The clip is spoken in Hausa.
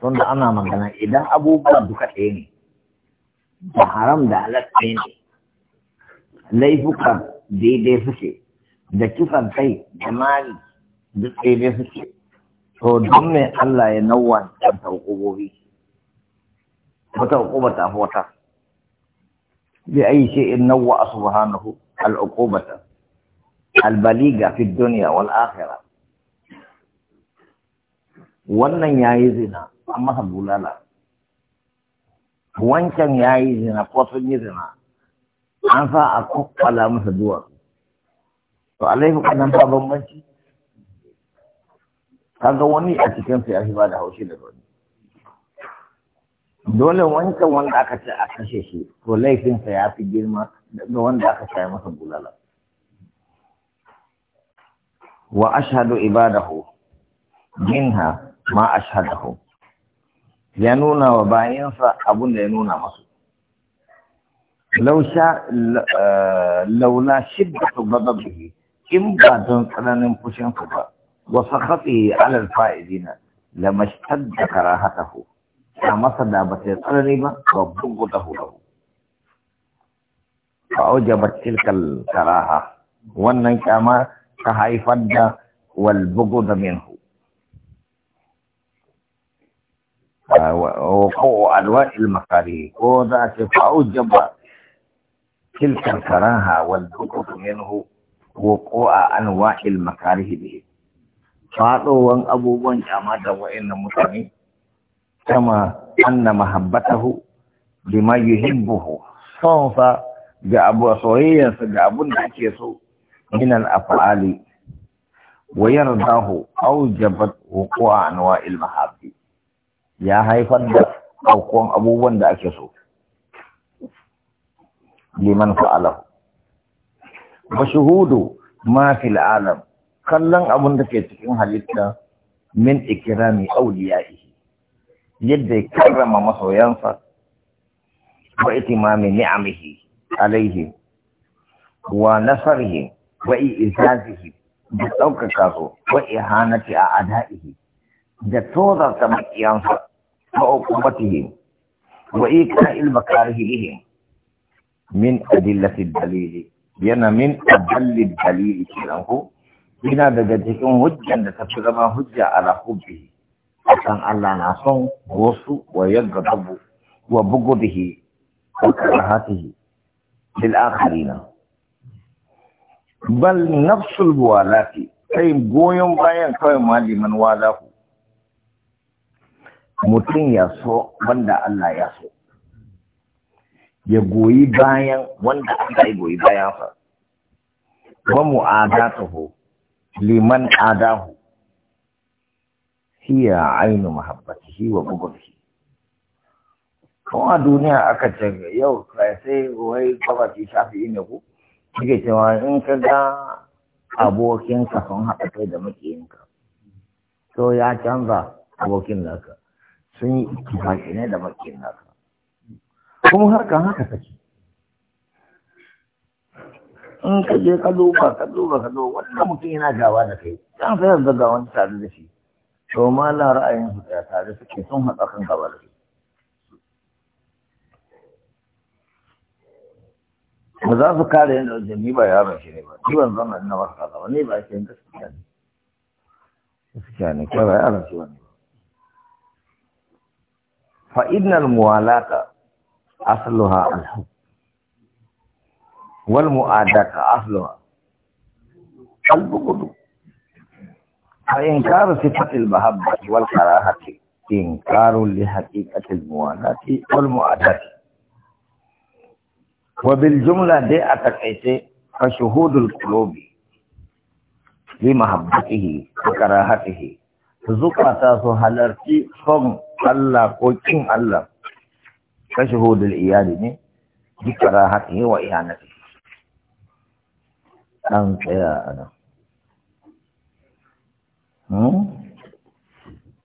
tunda ana magana idan abubuwa duka ɗaya ne da haram da ɗaya ne laifukan daidai suke da kisan kai da mali duk daidai suke to don me Allah ya nawa ta hukumomi wata hukuma ta fi wata bi ayi ce in nawa subhanahu al'ukubata uqubata al-baliga fi duniya wal akhirah wannan ya yi zina an masa bulala wancan ya yi zina ko sun yi zina an sa a kwakwala masa duwa to alaihi kanan ta bambanci kaga wani a cikin ya fi ba da haushi da wani dole wancan wanda aka ce a kashe shi to laifinsa ya fi girma daga wanda aka ce masa bulala wa ashhadu ibadahu minha ما أشهده ينون وباين فأبون ينون مصر لو شاء لولا شدة غضبه إن بعد أن ننفشن وسخطه على الفائزين لما اشتد كراهته كما صدابت القرنبة وبغضه له فأوجبت تلك الكراهة وأن كما تهيفد والبغض منه وقوع أنواع المكاره وذات فأوجب تلك الكراهة والبكر منه وقوع أنواع المكاره به وان أبو وان جامد وإن متني كما أن محبته لما يحبه صنفا جابوا صويا سجابون حكيسو من الأفعال ويرضاه أوجبت وقوع أنواع المحابي ya haifar da aukuwan abubuwan da ake so liman fa'alahu Ba shuhudu ma fil alam kallon abin da ke cikin halitta min ikrami awliya'ihi yadda ya karrama masoyansa wa itimami ni'amihi alaihi wa nasarihim wa i'izazihim da ɗaukaka su wa ihanati a adaihi da tozarta makiyansa وعقوبتهم وإيكاء المكاره له من أدلة الدليل yana min أدل dalili kenan ina daga cikin hujjan da tafi fi zama hujja ala a akan Allah na son wasu wa yadda tabu wa bughdihi wa karahatihi lil akharina bal nafsul lafi kai goyon bayan kawai maliman walahu mutum ya so wanda Allah ya so ya goyi bayan wanda Allah ya goyi bayansa wa mu'adatuhu liman adahu hiya ainu mahabbatihi wa bughdihi a duniya aka ce yau sai wai ki shafi'i ne ku kike cewa in ka ga abokinka sun haɗa kai da makiyinka to ya canza abokin naka sun yi ittifaqi ne da na nasa kuma har haka take in ka je ka duba ka duba ka duba wanda mutum yana gawa da kai dan sai yanzu ga wani tare da shi to ma la ra'ayin su da tare suke sun haɗa kan gaba da shi ba za su kare yadda wajen ni ba yaron shi ne ba ni ban zama ina ba kaza ba ni ba shi su ne gaskiya ne kawai yaron shi wani Fa'inal innal muwalata asluha alhub wal muadaka asluha albughd fa inkaru sifatil mahabbah wal karahati inkaru li haqiqatil muwalati wal muadati wa bil jumla de atakaite fa shuhudul qulubi li mahabbatihi wa karahatihi zukata zuhalarti fong Allah ko kin Allah kashi hudul iyali ne bi karahatihi wa ihanati an tsaya a nan hmm?